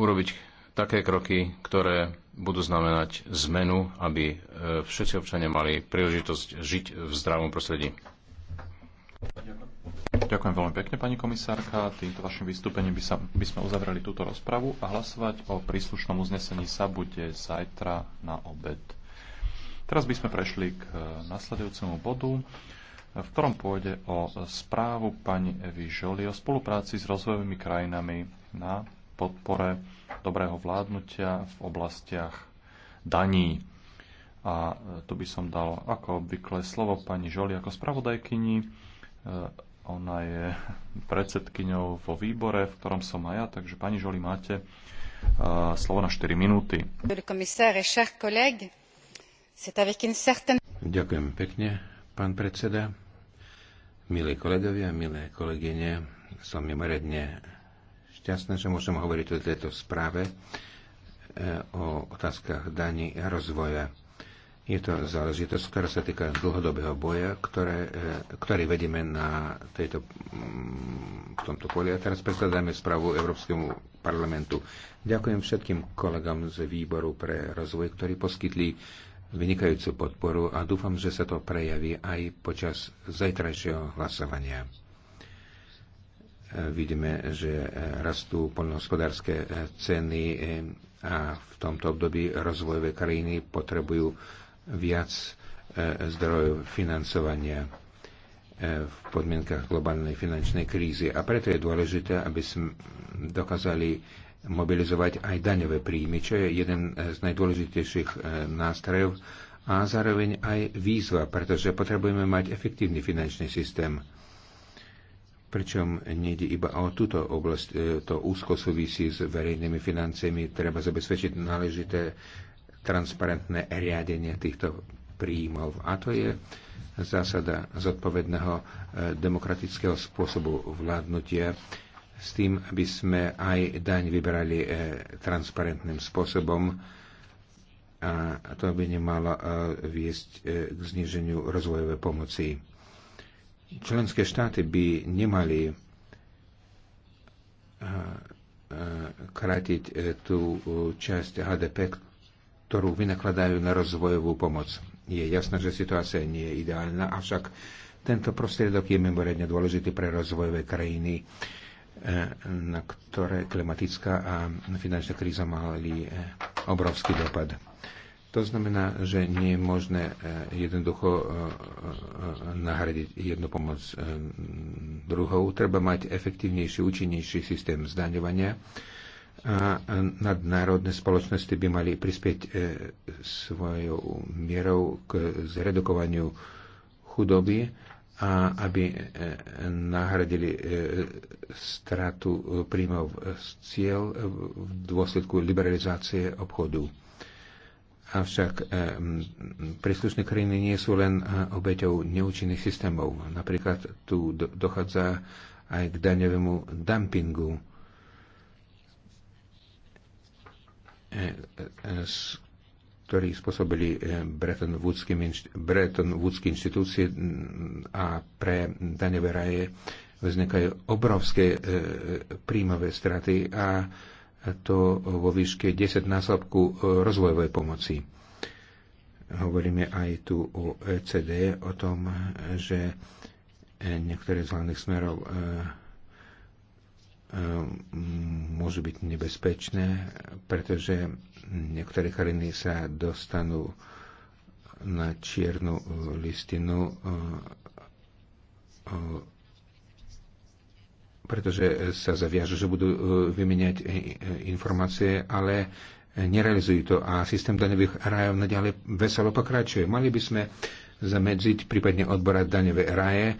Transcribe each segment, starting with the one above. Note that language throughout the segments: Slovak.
urobiť také kroky, ktoré budú znamenať zmenu, aby e, všetci občania mali príležitosť žiť v zdravom prostredí. Ďakujem veľmi pekne, pani komisárka. Týmto vašim vystúpením by, sa, by sme uzavreli túto rozpravu a hlasovať o príslušnom uznesení sa bude zajtra na obed. Teraz by sme prešli k e, nasledujúcemu bodu, v ktorom pôjde o správu pani Evy Žoli o spolupráci s rozvojovými krajinami na podpore dobrého vládnutia v oblastiach daní. A e, tu by som dal ako obvykle slovo pani Žoli ako spravodajkyni. E, ona je predsedkyňou vo výbore, v ktorom som aj ja, takže pani Žoli máte e, slovo na 4 minúty. Ďakujem pekne, pán predseda. Milí kolegovia, milé kolegyne, som mimoriadne šťastné, že môžem hovoriť o tejto správe e, o otázkach daní a rozvoja. Je to záležitosť, ktorá sa týka dlhodobého boja, ktoré, e, ktorý vedíme na tejto, mm, v tomto poli. A teraz predkladáme správu Európskemu parlamentu. Ďakujem všetkým kolegom z výboru pre rozvoj, ktorí poskytli vynikajúcu podporu a dúfam, že sa to prejaví aj počas zajtrajšieho hlasovania. Vidíme, že rastú poľnohospodárske e, ceny e, a v tomto období rozvojové krajiny potrebujú viac e, zdrojov financovania v podmienkach globálnej finančnej krízy. A preto je dôležité, aby sme dokázali mobilizovať aj daňové príjmy, čo je jeden z najdôležitejších nástrojov a zároveň aj výzva, pretože potrebujeme mať efektívny finančný systém. Pričom nejde iba o túto oblasť, e, to úzko súvisí s verejnými financiami, treba zabezpečiť náležité transparentné riadenie týchto príjmov. A to je zásada zodpovedného e, demokratického spôsobu vládnutia s tým, aby sme aj daň vybrali e, transparentným spôsobom a to by nemalo viesť k zniženiu rozvojovej pomoci. Členské štáty by nemali eh, eh, kratiť eh, tú časť HDP, ktorú vynakladajú na rozvojovú pomoc. Je jasné, že situácia nie je ideálna, avšak tento prostriedok je mimoriadne dôležitý pre rozvojové krajiny, na ktoré klimatická a finančná kríza mali obrovský dopad. To znamená, že nie je možné e, jednoducho e, e, nahradiť jednu pomoc druhou. Treba mať efektívnejší, účinnejší systém zdaňovania a nadnárodné spoločnosti by mali prispieť svojou mierou k zredukovaniu chudoby a aby nahradili stratu príjmov z cieľ v dôsledku liberalizácie obchodu Avšak eh, príslušné krajiny nie sú len eh, obeťou neúčinných systémov. Napríklad tu dochádza aj k daňovému dumpingu. Eh, ktorý spôsobili Bretton Woodské, Bretton Woodsky inštitúcie a pre daňové raje vznikajú obrovské príjmové straty a to vo výške 10 násobku e, rozvojovej pomoci. Hovoríme aj tu o ECD o tom, že e, niektoré z hlavných smerov e, môžu byť nebezpečné, pretože niektoré krajiny sa dostanú na čiernu listinu pretože sa zaviažu, že budú e, vymeniať e, e, informácie, ale nerealizujú to a systém daňových rajov naďalej veselo pokračuje. Mali by sme zamedziť, prípadne odborať daňové raje,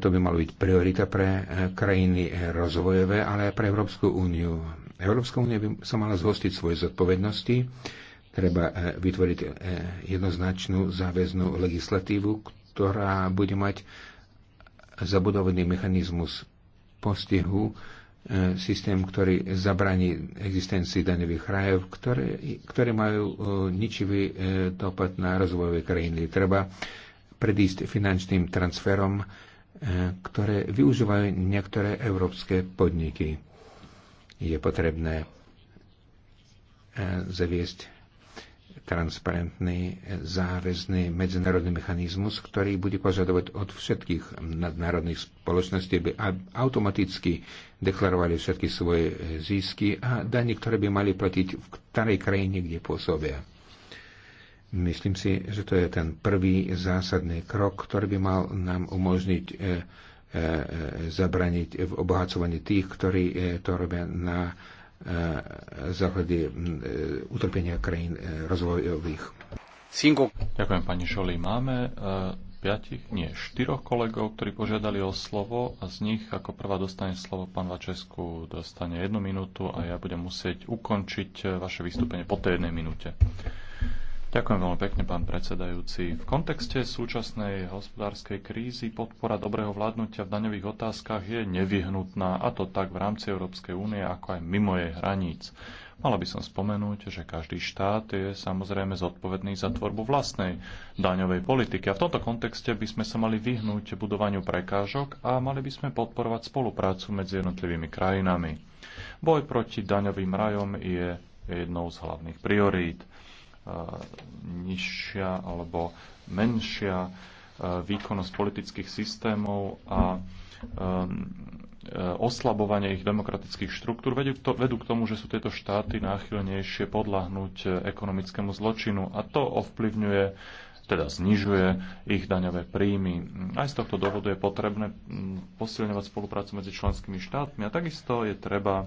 to by malo byť priorita pre krajiny rozvojové, ale aj pre Európsku úniu. Európska únia by sa mala zhostiť svoje zodpovednosti, treba vytvoriť jednoznačnú záväznú legislatívu, ktorá bude mať zabudovaný mechanizmus postihu e, systém, ktorý zabraní existencii daňových rajov, ktoré, ktoré majú e, ničivý e, dopad na rozvojové krajiny. Treba predísť finančným transferom, ktoré využívajú niektoré európske podniky. Je potrebné zaviesť transparentný, záväzný medzinárodný mechanizmus, ktorý bude požadovať od všetkých nadnárodných spoločností, aby automaticky deklarovali všetky svoje zisky a dani, ktoré by mali platiť v ktorej krajine, kde pôsobia. Myslím si, že to je ten prvý zásadný krok, ktorý by mal nám umožniť e, e, e, zabraniť v obohacovaní tých, ktorí to robia na E, základe utrpenia krajín e, rozvojových. Cinco. Ďakujem pani Šoli. Máme e, piatich, nie, štyroch kolegov, ktorí požiadali o slovo a z nich ako prvá dostane slovo pán Vačesku, dostane jednu minútu a ja budem musieť ukončiť vaše vystúpenie po tej jednej minúte. Ďakujem veľmi pekne, pán predsedajúci. V kontexte súčasnej hospodárskej krízy podpora dobrého vládnutia v daňových otázkach je nevyhnutná, a to tak v rámci Európskej únie, ako aj mimo jej hraníc. Mala by som spomenúť, že každý štát je samozrejme zodpovedný za tvorbu vlastnej daňovej politiky. A v tomto kontexte by sme sa mali vyhnúť budovaniu prekážok a mali by sme podporovať spoluprácu medzi jednotlivými krajinami. Boj proti daňovým rajom je jednou z hlavných priorít nižšia alebo menšia výkonnosť politických systémov a oslabovanie ich demokratických štruktúr vedú, k tomu, že sú tieto štáty náchylnejšie podľahnúť e, ekonomickému zločinu a to ovplyvňuje teda znižuje ich daňové príjmy. Aj z tohto dôvodu je potrebné mm, posilňovať spoluprácu medzi členskými štátmi a takisto je treba e,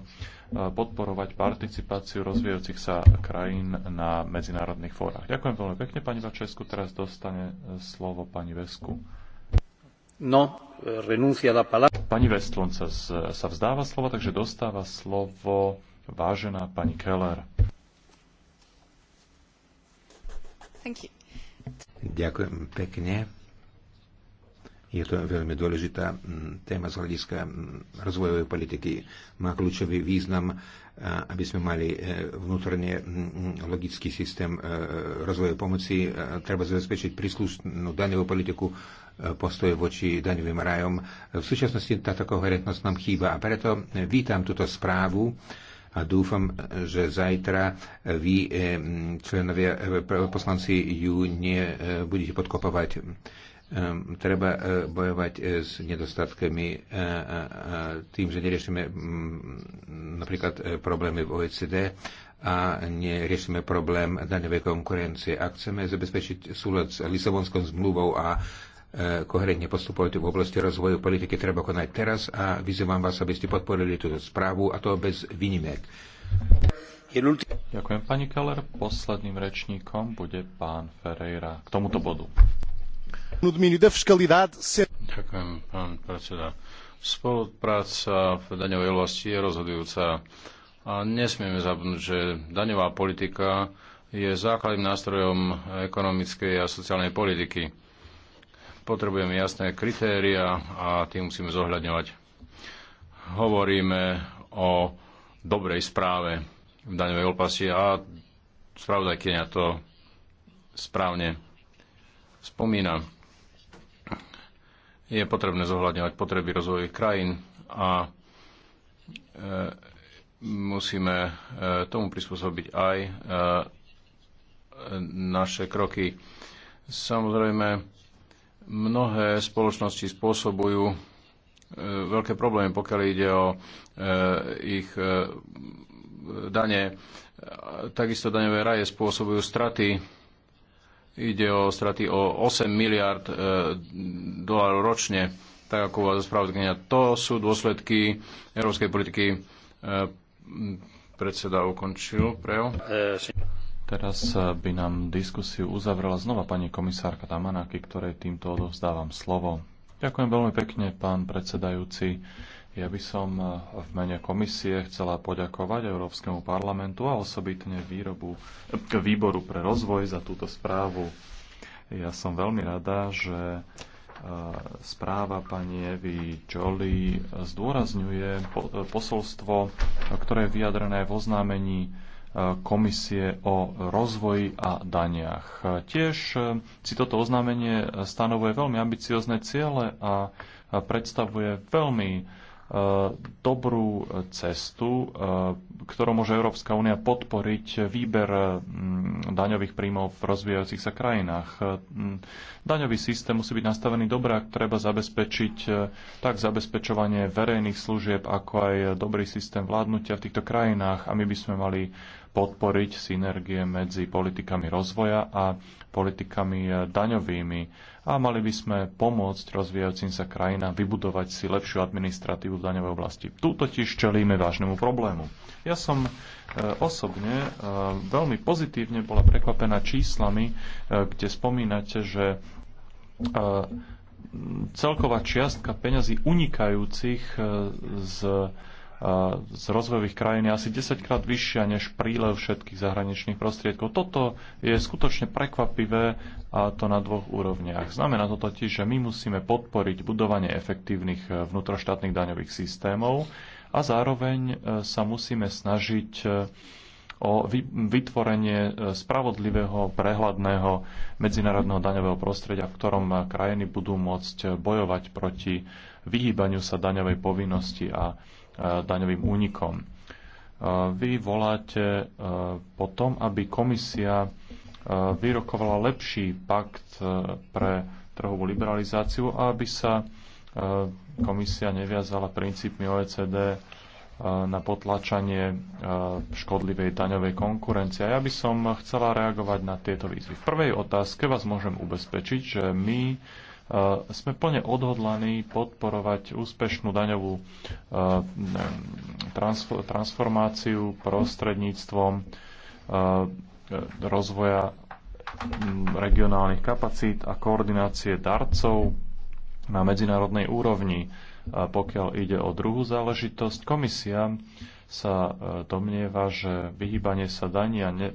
podporovať participáciu rozvíjajúcich sa krajín na medzinárodných fórach. Ďakujem veľmi pekne, pani Vačesku. Teraz dostane e, slovo pani Vesku. No, renúncia na pala. Pani Vestlund sa, sa vzdáva slova, takže dostáva slovo vážená pani Keller. Thank you. Ďakujem pekne. Je to veľmi dôležitá téma z hľadiska rozvojovej politiky. Má kľúčový význam, aby sme mali e, vnútorne logický systém e, rozvoja pomoci. E, treba zabezpečiť príslušnú daňovú politiku postoje voči daňovým rajom. V súčasnosti táto koherentnosť nám chýba a preto vítam túto správu a dúfam, že zajtra vy, eh, členovia eh, poslanci, ju nebudete eh, podkopovať. Ehm, treba bojovať s nedostatkami tým, že neriešime mm, napríklad problémy v OECD a neriešime problém daňovej konkurencie. Ak chceme zabezpečiť súľad s Lisabonskou zmluvou a E, koherentne postupovať v oblasti rozvoju politiky. Treba konať teraz a vyzývam vás, aby ste podporili túto správu a to bez výnimek. Ďakujem, pani Keller. Posledným rečníkom bude pán Ferreira k tomuto bodu. Ďakujem, pán predseda. Spolupráca v daňovej oblasti je rozhodujúca a nesmieme zabudnúť, že daňová politika je základným nástrojom ekonomickej a sociálnej politiky Potrebujeme jasné kritéria a tie musíme zohľadňovať. Hovoríme o dobrej správe v daňovej opasi a spravodajkynia to správne spomína. Je potrebné zohľadňovať potreby rozvojových krajín a e, musíme e, tomu prispôsobiť aj e, naše kroky. Samozrejme, Mnohé spoločnosti spôsobujú e, veľké problémy, pokiaľ ide o e, ich e, dane. Takisto daňové raje spôsobujú straty Ide o straty o 8 miliard e, dolárov ročne, tak ako vás spravodlivňa. To sú dôsledky európskej politiky. E, predseda ukončil prejav. Teraz eh, by nám diskusiu uzavrela znova pani komisárka Tamanáky, ktorej týmto odovzdávam slovo. Ďakujem veľmi pekne, pán predsedajúci. Ja by som eh, v mene komisie chcela poďakovať Európskemu parlamentu a osobitne výrobu, eh, výboru pre rozvoj za túto správu. Ja som veľmi rada, že správa pani Evy Jolly zdôrazňuje posolstvo, ktoré je vyjadrené v oznámení komisie o rozvoji a daniach. Tiež e, si toto oznámenie stanovuje veľmi ambiciozne ciele a predstavuje veľmi e, dobrú cestu, e, ktorou môže Európska únia podporiť výber daňových príjmov v rozvíjajúcich sa krajinách. Daňový systém musí byť nastavený dobre, ak treba zabezpečiť tak zabezpečovanie verejných služieb, ako aj dobrý systém vládnutia v týchto krajinách a my by sme mali podporiť synergie medzi politikami rozvoja a politikami daňovými a mali by sme pomôcť rozvíjajúcim sa krajinám vybudovať si lepšiu administratívu v daňovej oblasti. Tu totiž čelíme vážnemu problému. Ja som e, osobne e, veľmi pozitívne bola prekvapená číslami, e, kde spomínate, že celková čiastka peňazí unikajúcich z z rozvojových krajín je asi 10 krát vyššia než prílev všetkých zahraničných prostriedkov. Toto je skutočne prekvapivé a to na dvoch úrovniach. Znamená to totiž, že my musíme podporiť budovanie efektívnych eh, vnútroštátnych daňových systémov a zároveň eh, sa musíme snažiť eh, o vytvorenie spravodlivého, prehľadného medzinárodného daňového prostredia, v ktorom krajiny budú môcť bojovať proti vyhýbaniu sa daňovej povinnosti a E, daňovým únikom. E, vy voláte e, potom, aby komisia vyrokovala lepší pakt pre trhovú liberalizáciu a aby sa komisia neviazala princípmi OECD na potlačanie škodlivej daňovej konkurencie. Ja by som chcela reagovať na tieto výzvy. V prvej otázke vás môžem ubezpečiť, že my Eh, sme plne odhodlaní podporovať úspešnú daňovú eh, transformáciu prostredníctvom eh, rozvoja hm, regionálnych kapacít a koordinácie darcov na medzinárodnej úrovni. Pokiaľ ide o druhú záležitosť, komisia sa domnieva, že vyhýbanie sa dania ne,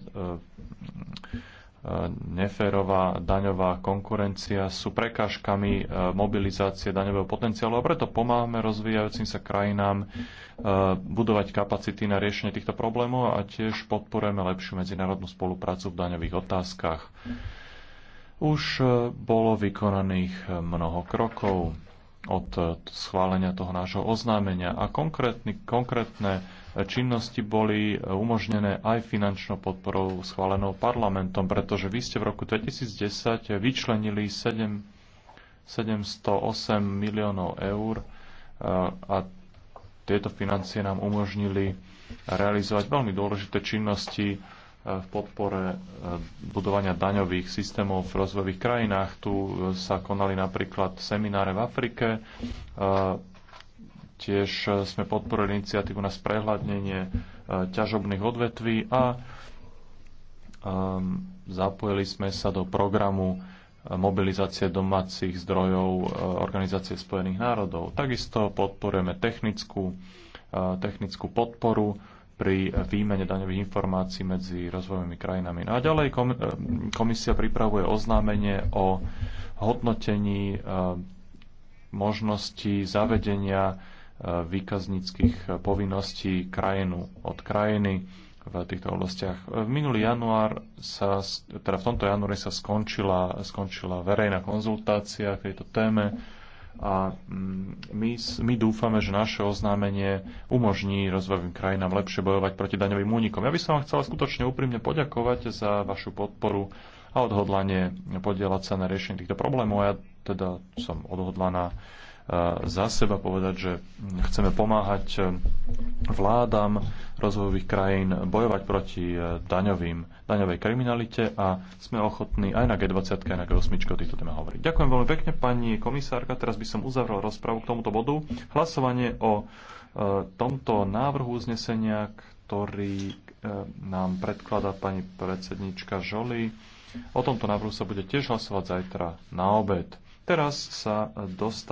neférová daňová konkurencia sú prekážkami e, mobilizácie daňového potenciálu a preto pomáhame rozvíjajúcim sa krajinám e, budovať kapacity na riešenie týchto problémov a tiež podporujeme lepšiu medzinárodnú spoluprácu v daňových otázkach. Už e, bolo vykonaných mnoho krokov od schválenia toho nášho oznámenia a konkrétne činnosti boli umožnené aj finančnou podporou schválenou parlamentom, pretože vy ste v roku 2010 vyčlenili 7, 708 miliónov eur eh, a tieto financie nám umožnili realizovať veľmi dôležité činnosti eh, v podpore eh, budovania daňových systémov v rozvojových krajinách. Tu sa konali napríklad semináre v Afrike, Tiež e, sme podporili iniciatívu na sprehľadnenie e, ťažobných odvetví a ehm, zapojili sme sa do programu e, mobilizácie domácich zdrojov Organizácie spojených národov. Takisto podporujeme technickú, technickú podporu pri výmene daňových informácií medzi rozvojovými krajinami. No a ďalej komisia pripravuje oznámenie o hodnotení možnosti zavedenia výkazníckých povinností krajinu od krajiny v týchto oblastiach. V minulý január sa, teda v tomto januári sa skončila, skončila verejná konzultácia k tejto téme a mm, my, my dúfame, že naše oznámenie umožní rozvojovým krajinám lepšie bojovať proti daňovým únikom. Ja by som vám chcela skutočne úprimne poďakovať za vašu podporu a odhodlanie podielať sa na riešenie týchto problémov. Ja teda som odhodlaná za seba povedať, že chceme pomáhať e, vládam rozvojových krajín bojovať proti e, daňovým, daňovej kriminalite a sme ochotní aj na G20, aj na G8 o týchto téma hovoriť. Ďakujem veľmi pekne, pani komisárka. Teraz by som uzavrel rozpravu k tomuto bodu. Hlasovanie o e, tomto návrhu uznesenia, ktorý nám predkladá pani predsednička Žoli. O tomto návrhu sa bude tiež hlasovať zajtra na obed. Teraz sa dostávame